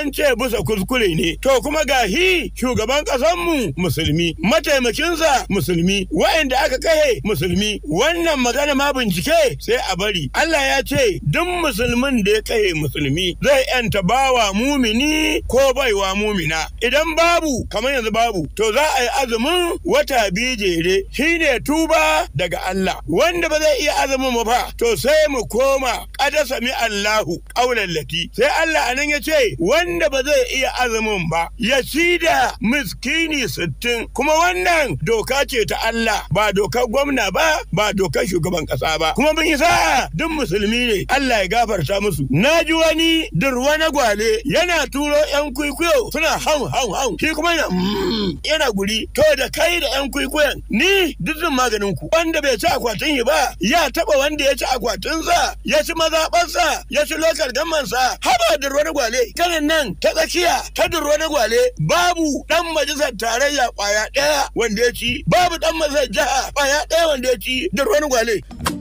an ce bisa kuskure ne to kuma gahi shugaban mu musulmi mataimakinsa musulmi wa'inda aka kahe musulmi wannan magana ma bincike sai a bari Allah ya ce duk musulmin da ya kahe musulmi zai yanta bawa mumini ko baiwa mumina idan babu kamar yanzu babu to za a yi azumin wata biyu jere shine tuba daga Allah wanda ba zai iya azumin ba to sai mu koma kada sami Allahu kaulan lati sai Allah anan ya ce wani wanda ba zai iya azumin ba ya ci da miskini sittin kuma wannan doka ce ta Allah ba dokar gwamna ba ba dokar shugaban kasa ba kuma mun yi duk musulmi ne Allah ya gafarta musu na ji wani durwa na gwale yana turo yan kwikwiyo suna hau hau hau shi kuma yana mm, yana guri to da kai da yan kwikwiyon ni duk maganin ku wanda bai ci akwatin yi ba ya taba wanda ya ci akwatin sa. ya ci mazaɓarsa ya ci lokar gamansa haba durwa na gwale kanan nan ta tsakiya ta duro na gwale babu dan majalisar tarayya kwaya daya wanda ya ci babu dan majalisar jiha kwaya daya wanda ya ci duro na gwale.